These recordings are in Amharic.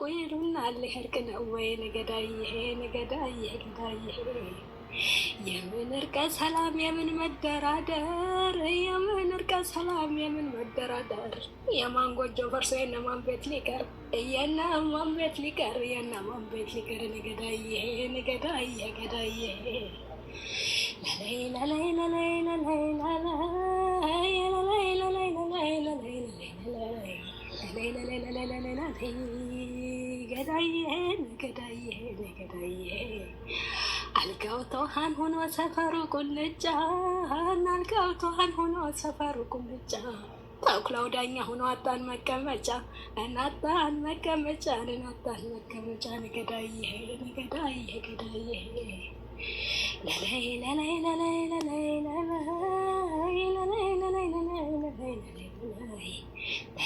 ቆይ ይሉና አለ እርቅ ነው ወይ ነገዳ ይሄ ነገዳ ይሄ ነገዳ ይሄ የምን እርቀ ሰላም የምን መደራደር የምን እርቀ ሰላም የምን መደራደር የማን ጎጆ ፈርሶ የነማን ቤት ሊቀር የነማን ቤት ሊቀር የነማን ቤት ሊቀር ነገዳ ይሄ ነገዳ ይሄ ነገዳ ይሄ ለላይ ለላይ ለላይ ለላይ ለላይ ለላይ ለላይ ለላይ ለላይ ለላይ ለላይ ገዳይሄ ነገዳይሄ ነገዳይሄ አልጋው ተውሃን ሆኖ ሰፈሩ ቁልጫ አልጋው ተውሃን ሆኖ ሰፈሩ ቁልጫ ተኩላው ዳኛ ሆኖ አጣን መቀመጫ እናጣን መቀመጫ እናጣን መቀመጫ ነገዳይሄ ነገዳይሄ ገዳይሄ ለላይ ለላይ ለላይ ለላይ ለላይ ለላይ ለላይ ለላይ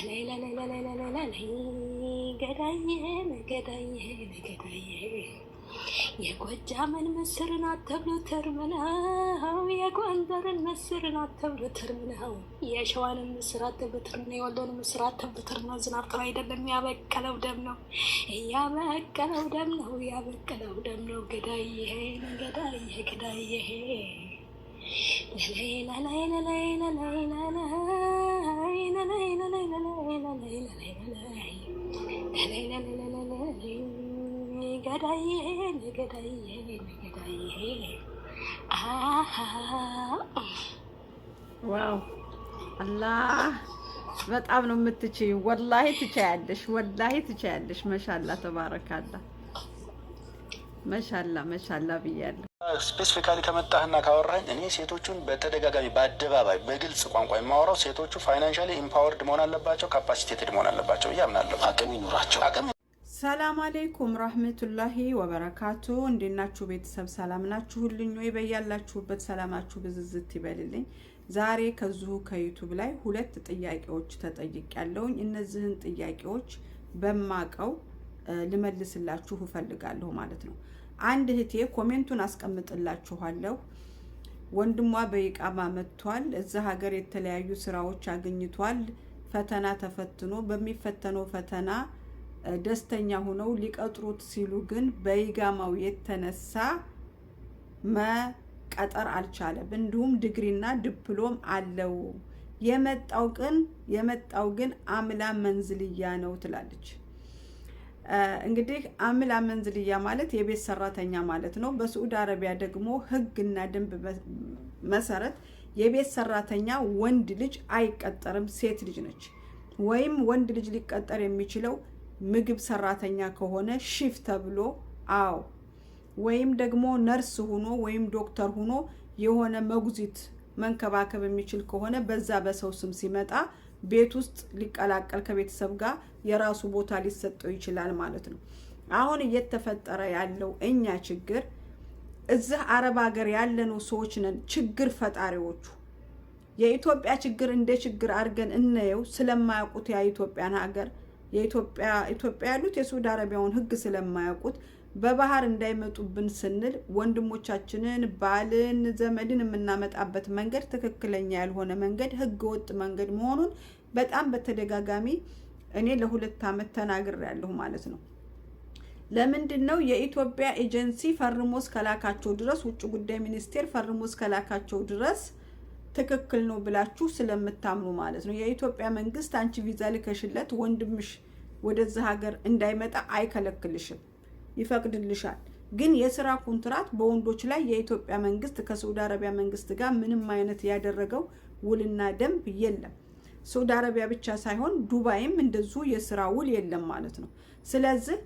ለላይ ለላይ ለላይ ገዳዬ ገዳዬ ገዳዬ የጎጃምን ምስርን አተብሎ ተርምነው የጎንደርን ምስርን አተብሎ ተርምነው የሸዋንን ምስር አተብሎ ተርምነው የወሎን ምስር አተብሎ ተርምነው ዝናብ ጥሩ አይደለም። ያበቀለው ደም ነው፣ ያበቀለው ደም ነው፣ ያበቀለው ደም ነው። ገዳዬ ገዳዬ ገዳዬ ለላይ ለላይ ለላይ ለላይ ለላይ ለላይ ገዳዬ ገዳዬ ገዳዬ ዋው አላህ በጣም ነው የምትችይ። ወላሂ ትቻያለሽ፣ ወላሂ ትቻያለሽ። መሻላ ተባረካላ። መሻላ መሻላ ብያለሁ። ስፔሲፊካሊ ከመጣህና ካወራኝ እኔ ሴቶቹን በተደጋጋሚ በአደባባይ በግልጽ ቋንቋ የማወራው ሴቶቹ ፋይናንሻሊ ኢምፓወርድ መሆን አለባቸው፣ ካፓሲቴትድ መሆን አለባቸው ብዬ አምናለሁ። አቅም ይኑራቸው። ሰላም አሌይኩም ራህመቱላሂ ወበረካቱ። እንዴናችሁ ቤተሰብ ሰላም ናችሁልኝ ወይ? በያላችሁበት ሰላማችሁ ብዝዝት ይበልልኝ። ዛሬ ከዚሁ ከዩቱብ ላይ ሁለት ጥያቄዎች ተጠይቅ ያለውኝ እነዚህን ጥያቄዎች በማቀው ልመልስላችሁ እፈልጋለሁ ማለት ነው። አንድ እህቴ ኮሜንቱን አስቀምጥላችኋለሁ። ወንድሟ በይቃማ መጥቷል። እዛ ሀገር የተለያዩ ስራዎች አግኝቷል። ፈተና ተፈትኖ በሚፈተነው ፈተና ደስተኛ ሆነው ሊቀጥሩት ሲሉ ግን በይጋማው የተነሳ መቀጠር አልቻለም። እንዲሁም ድግሪና ዲፕሎም አለው የመጣው ግን የመጣው ግን አምላ መንዝልያ ነው ትላለች። እንግዲህ አምላ መንዝልያ ማለት የቤት ሰራተኛ ማለት ነው። በስዑድ አረቢያ ደግሞ ህግና ደንብ መሰረት የቤት ሰራተኛ ወንድ ልጅ አይቀጠርም፣ ሴት ልጅ ነች። ወይም ወንድ ልጅ ሊቀጠር የሚችለው ምግብ ሰራተኛ ከሆነ ሺፍ ተብሎ አዎ፣ ወይም ደግሞ ነርስ ሆኖ ወይም ዶክተር ሁኖ የሆነ መጉዚት መንከባከብ የሚችል ከሆነ በዛ በሰው ስም ሲመጣ ቤት ውስጥ ሊቀላቀል ከቤተሰብ ጋር የራሱ ቦታ ሊሰጠው ይችላል ማለት ነው። አሁን እየተፈጠረ ያለው እኛ ችግር እዚህ አረብ ሀገር ያለነው ሰዎች ነን ችግር ፈጣሪዎቹ። የኢትዮጵያ ችግር እንደ ችግር አድርገን እናየው ስለማያውቁት የኢትዮጵያን ሀገር የኢትዮጵያ ኢትዮጵያ ያሉት የሳውዲ አረቢያውን ሕግ ስለማያውቁት በባህር እንዳይመጡብን ስንል ወንድሞቻችንን ባልን ዘመድን የምናመጣበት መንገድ ትክክለኛ ያልሆነ መንገድ ህገወጥ መንገድ መሆኑን በጣም በተደጋጋሚ እኔ ለሁለት ዓመት ተናግሬያለሁ ማለት ነው። ለምንድን ነው የኢትዮጵያ ኤጀንሲ ፈርሞ እስከላካቸው ድረስ ውጭ ጉዳይ ሚኒስቴር ፈርሞ እስከላካቸው ድረስ ትክክል ነው ብላችሁ ስለምታምኑ ማለት ነው። የኢትዮጵያ መንግስት አንቺ ቪዛ ልከሽለት ወንድምሽ ወደዚህ ሀገር እንዳይመጣ አይከለክልሽም። ይፈቅድልሻል። ግን የስራ ኮንትራት በወንዶች ላይ የኢትዮጵያ መንግስት ከሳውዲ አረቢያ መንግስት ጋር ምንም አይነት ያደረገው ውልና ደንብ የለም። ሳውዲ አረቢያ ብቻ ሳይሆን ዱባይም እንደዚሁ የስራ ውል የለም ማለት ነው። ስለዚህ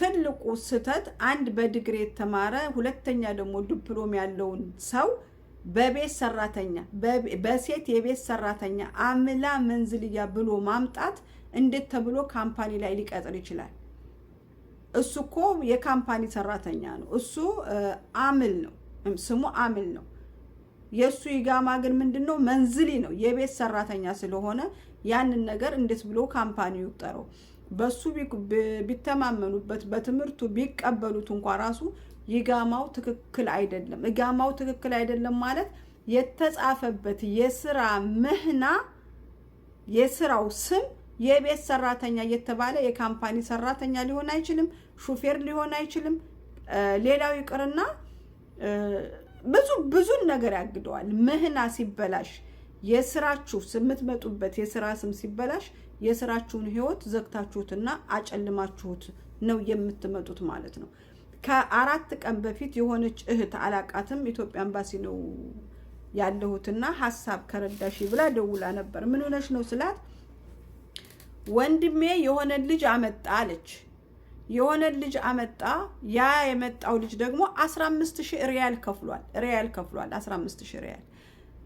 ትልቁ ስህተት አንድ በዲግሪ የተማረ ሁለተኛ ደግሞ ዲፕሎም ያለውን ሰው በቤት ሰራተኛ በሴት የቤት ሰራተኛ አምላ መንዝልያ ብሎ ማምጣት እንዴት ተብሎ ካምፓኒ ላይ ሊቀጥር ይችላል? እሱ እኮ የካምፓኒ ሰራተኛ ነው። እሱ አምል ነው፣ ስሙ አምል ነው። የእሱ ይጋማ ግን ምንድን ነው? መንዝሊ ነው፣ የቤት ሰራተኛ ስለሆነ ያንን ነገር እንዴት ብሎ ካምፓኒ ይቁጠረው? በሱ ቢተማመኑበት በትምህርቱ ቢቀበሉት እንኳ ራሱ ይጋማው ትክክል አይደለም። እጋማው ትክክል አይደለም ማለት የተጻፈበት የስራ ምህና የስራው ስም የቤት ሰራተኛ እየተባለ የካምፓኒ ሰራተኛ ሊሆን አይችልም፣ ሹፌር ሊሆን አይችልም። ሌላው ይቅርና ብዙ ብዙን ነገር ያግደዋል። ምህና ሲበላሽ የስራችሁ የምትመጡበት የስራ ስም ሲበላሽ የስራችሁን ህይወት ዘግታችሁትና አጨልማችሁት ነው የምትመጡት ማለት ነው። ከአራት ቀን በፊት የሆነች እህት አላቃትም፣ ኢትዮጵያ ኤምባሲ ነው ያለሁትና ሀሳብ ከረዳሽ ብላ ደውላ ነበር። ምን ሆነሽ ነው ስላት ወንድሜ የሆነ ልጅ አመጣ አለች። የሆነ ልጅ አመጣ። ያ የመጣው ልጅ ደግሞ 15000 ሪያል ከፍሏል። ሪያል ከፍሏል 15000 ሪያል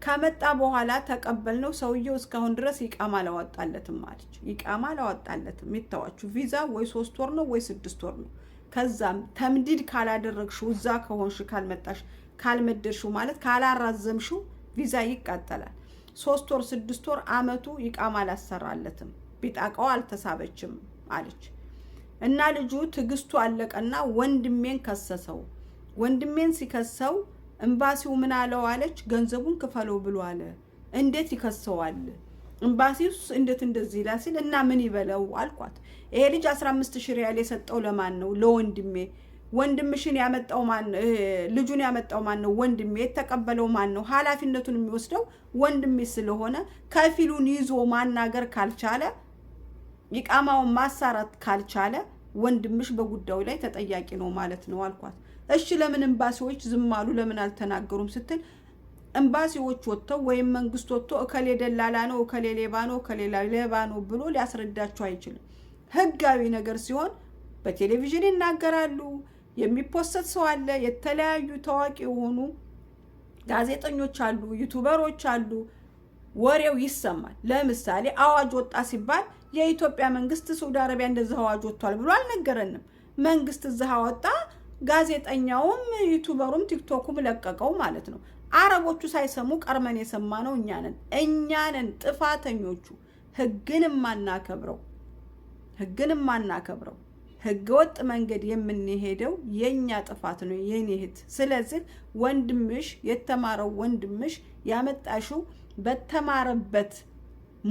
ከመጣ በኋላ ተቀበል ነው ሰውየው እስካሁን ድረስ ይቃማ አላወጣለትም አለች። ይቃማ አላወጣለትም። የተዋችሁ ቪዛ ወይ ሶስት ወር ነው ወይ ስድስት ወር ነው። ከዛም ተምዲድ ካላደረግሽው እዛ ከሆንሽ ካልመጣሽ ካልመደርሽው ማለት ካላራዘምሽው ቪዛ ይቃጠላል። ሶስት ወር ስድስት ወር አመቱ ይቃማ አላሰራለትም። ቢጣቀው አልተሳበችም አለች እና ልጁ ትዕግስቱ አለቀና ወንድሜን ከሰሰው። ወንድሜን ሲከሰው እምባሲው ምን አለው አለች፣ ገንዘቡን ክፈለው ብሎ አለ። እንዴት ይከሰዋል? እምባሲውስ እንዴት እንደዚህ ይላል ሲል እና ምን ይበለው አልኳት። ይሄ ልጅ አስራ አምስት ሺህ ሪያል የሰጠው ለማን ነው? ለወንድሜ። ወንድምሽን ያመጣው ማን? ልጁን ያመጣው ማን ነው? ወንድሜ። የተቀበለው ማን ነው? ኃላፊነቱን የሚወስደው ወንድሜ ስለሆነ ከፊሉን ይዞ ማናገር ካልቻለ ይቃማውን ማሳራት ካልቻለ ወንድምሽ በጉዳዩ ላይ ተጠያቂ ነው ማለት ነው አልኳት። እሺ ለምን ኤምባሲዎች ዝም አሉ ለምን አልተናገሩም ስትል ኤምባሲዎች ወጥተው ወይም መንግስት ወጥቶ እከሌ ደላላ ነው እከሌ ሌባ ነው እከሌ ሌባ ነው ብሎ ሊያስረዳቸው አይችልም። ህጋዊ ነገር ሲሆን በቴሌቪዥን ይናገራሉ። የሚፖሰት ሰው አለ። የተለያዩ ታዋቂ የሆኑ ጋዜጠኞች አሉ፣ ዩቱበሮች አሉ። ወሬው ይሰማል። ለምሳሌ አዋጅ ወጣ ሲባል የኢትዮጵያ መንግስት ሳውዲ አረቢያ እንደዚህ አዋጅ ወጥቷል ብሎ አልነገረንም። መንግስት እዚህ አወጣ፣ ጋዜጠኛውም ዩቱበሩም ቲክቶኩም ለቀቀው ማለት ነው። አረቦቹ ሳይሰሙ ቀርመን የሰማ ነው። እኛ ነን እኛ ነን ጥፋተኞቹ፣ ህግን ማናከብረው ህግን ማናከብረው ህገ ወጥ መንገድ የምንሄደው የእኛ ጥፋት ነው የኔ እህት። ስለዚህ ወንድምሽ የተማረው ወንድምሽ ያመጣሽው በተማረበት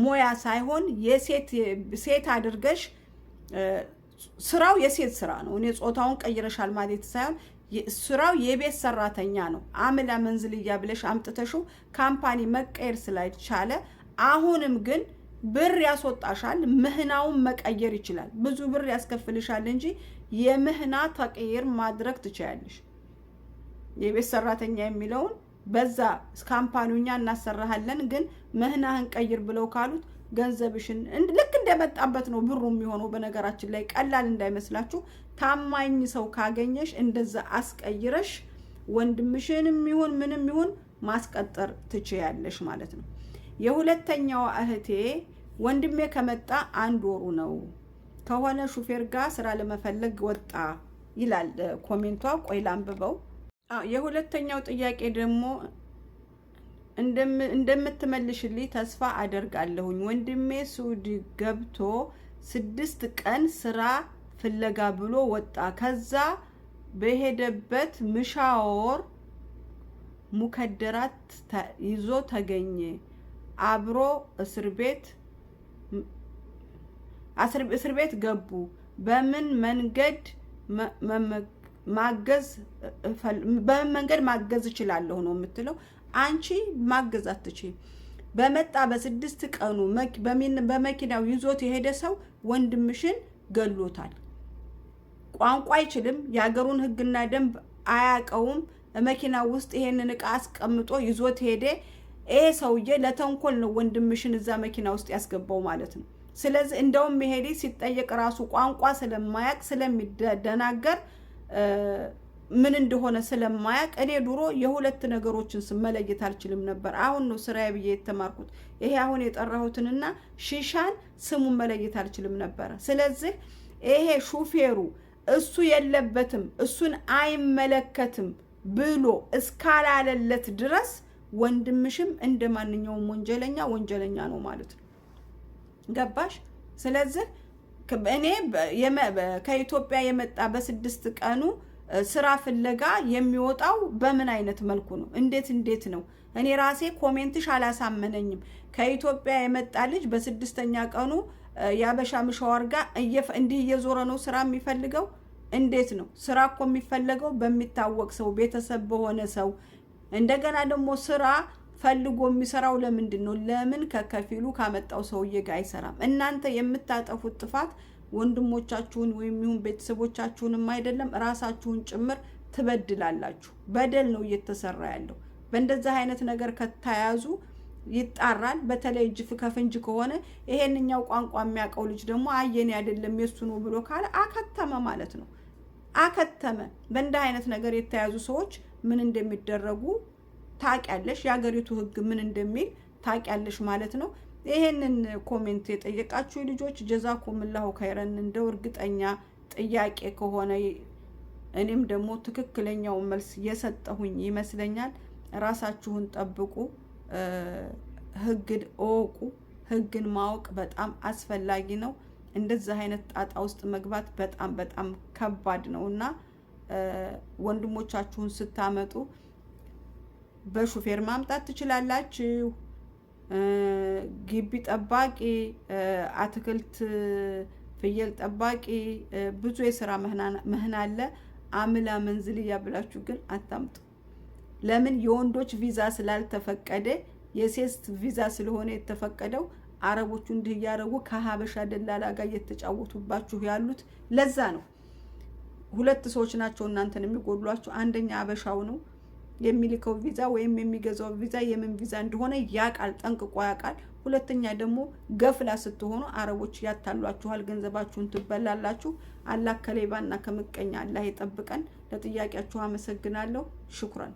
ሙያ ሳይሆን ሴት አድርገሽ ስራው የሴት ስራ ነው። እኔ ጾታውን ቀይረሻል ማለት ሳይሆን ስራው የቤት ሰራተኛ ነው። አምላ መንዝልያ ብለሽ አምጥተሹ ካምፓኒ መቀየር ስላልቻለ አሁንም ግን ብር ያስወጣሻል። ምህናውን መቀየር ይችላል። ብዙ ብር ያስከፍልሻል እንጂ የምህና ተቀየር ማድረግ ትችያለሽ። የቤት ሰራተኛ የሚለውን በዛ ካምፓኒው እኛ እናሰራሃለን፣ ግን መህናህን ቀይር ብለው ካሉት ገንዘብሽን ልክ እንደመጣበት ነው ብሩ የሚሆነው። በነገራችን ላይ ቀላል እንዳይመስላችሁ። ታማኝ ሰው ካገኘሽ እንደዛ አስቀይረሽ ወንድምሽንም ይሁን ምንም ይሁን ማስቀጠር ትችያለሽ ማለት ነው። የሁለተኛዋ እህቴ ወንድሜ ከመጣ አንድ ወሩ ነው ከሆነ ሹፌር ጋር ስራ ለመፈለግ ወጣ ይላል ኮሜንቷ። ቆይ ላንብበው። የሁለተኛው ጥያቄ ደግሞ እንደምትመልሽልኝ ተስፋ አደርጋለሁኝ። ወንድሜ ሱዲ ገብቶ ስድስት ቀን ስራ ፍለጋ ብሎ ወጣ። ከዛ በሄደበት ምሻወር ሙከደራት ይዞ ተገኘ። አብሮ እስር ቤት እስር ቤት ገቡ። በምን መንገድ ማገዝ በምን መንገድ ማገዝ እችላለሁ ነው የምትለው። አንቺ ማገዝ አትችይም። በመጣ በስድስት ቀኑ በመኪናው ይዞት የሄደ ሰው ወንድምሽን ገሎታል። ቋንቋ አይችልም፣ የሀገሩን ሕግና ደንብ አያቀውም። መኪና ውስጥ ይሄንን እቃ አስቀምጦ ይዞት ሄደ። ይሄ ሰውዬ ለተንኮል ነው ወንድምሽን እዛ መኪና ውስጥ ያስገባው ማለት ነው። ስለዚህ እንደውም መሄዴ ሲጠየቅ ራሱ ቋንቋ ስለማያቅ ስለሚደናገር ምን እንደሆነ ስለማያቅ እኔ ድሮ የሁለት ነገሮችን ስመለየት አልችልም ነበር። አሁን ነው ስራዬ ብዬ የተማርኩት። ይሄ አሁን የጠራሁትንና ሽሻን ስሙን መለየት አልችልም ነበረ። ስለዚህ ይሄ ሹፌሩ እሱ የለበትም እሱን አይመለከትም ብሎ እስካላለለት ድረስ ወንድምሽም እንደ ማንኛውም ወንጀለኛ ወንጀለኛ ነው ማለት ነው። ገባሽ? ስለዚህ እኔ ከኢትዮጵያ የመጣ በስድስት ቀኑ ስራ ፍለጋ የሚወጣው በምን አይነት መልኩ ነው? እንዴት እንዴት ነው? እኔ ራሴ ኮሜንትሽ አላሳመነኝም። ከኢትዮጵያ የመጣ ልጅ በስድስተኛ ቀኑ የአበሻ ምሻዋር ጋር እንዲህ እየዞረ ነው ስራ የሚፈልገው። እንዴት ነው ስራ እኮ የሚፈለገው? በሚታወቅ ሰው፣ ቤተሰብ በሆነ ሰው እንደገና ደግሞ ስራ ፈልጎ የሚሰራው ለምንድን ነው? ለምን ከከፊሉ ካመጣው ሰውዬ ጋር አይሰራም? እናንተ የምታጠፉት ጥፋት ወንድሞቻችሁን ወይም ይሁን ቤተሰቦቻችሁንም አይደለም ራሳችሁን ጭምር ትበድላላችሁ። በደል ነው እየተሰራ ያለው። በእንደዚህ አይነት ነገር ከተያዙ ይጣራል። በተለይ እጅ ከፍንጅ ከሆነ ይሄንኛው ቋንቋ የሚያውቀው ልጅ ደግሞ አየኔ አይደለም የሱ ነው ብሎ ካለ አከተመ ማለት ነው። አከተመ። በእንደ አይነት ነገር የተያዙ ሰዎች ምን እንደሚደረጉ ታውቂያለሽ፣ የሀገሪቱ ህግ ምን እንደሚል ታውቂያለሽ ማለት ነው። ይሄንን ኮሜንት የጠየቃችሁ ልጆች ጀዛኩምላሁ ከይረን። እንደው እርግጠኛ ጥያቄ ከሆነ እኔም ደግሞ ትክክለኛውን መልስ የሰጠሁኝ ይመስለኛል። ራሳችሁን ጠብቁ፣ ህግን እወቁ። ህግን ማወቅ በጣም አስፈላጊ ነው። እንደዚህ አይነት ጣጣ ውስጥ መግባት በጣም በጣም ከባድ ነው እና ወንድሞቻችሁን ስታመጡ በሹፌር ማምጣት ትችላላችሁ። ግቢ ጠባቂ፣ አትክልት ፍየል ጠባቂ፣ ብዙ የስራ ምህን አለ። አምላ መንዝልያ ብላችሁ ግን አታምጡ። ለምን? የወንዶች ቪዛ ስላልተፈቀደ የሴት ቪዛ ስለሆነ የተፈቀደው። አረቦቹ እንዲህ እያረጉ ከሀበሻ ደላላ ጋር እየተጫወቱባችሁ ያሉት ለዛ ነው። ሁለት ሰዎች ናቸው እናንተን የሚጎድሏችሁ። አንደኛ ሀበሻው ነው። የሚልከው ቪዛ ወይም የሚገዛው ቪዛ የምን ቪዛ እንደሆነ ያውቃል፣ ጠንቅቆ ያውቃል። ሁለተኛ ደግሞ ገፍላ ስትሆኑ አረቦች ያታሏችኋል፣ ገንዘባችሁን ትበላላችሁ። አላህ ከሌባና ከምቀኛ አላህ ይጠብቀን። ለጥያቄያችሁ አመሰግናለሁ። ሽኩረን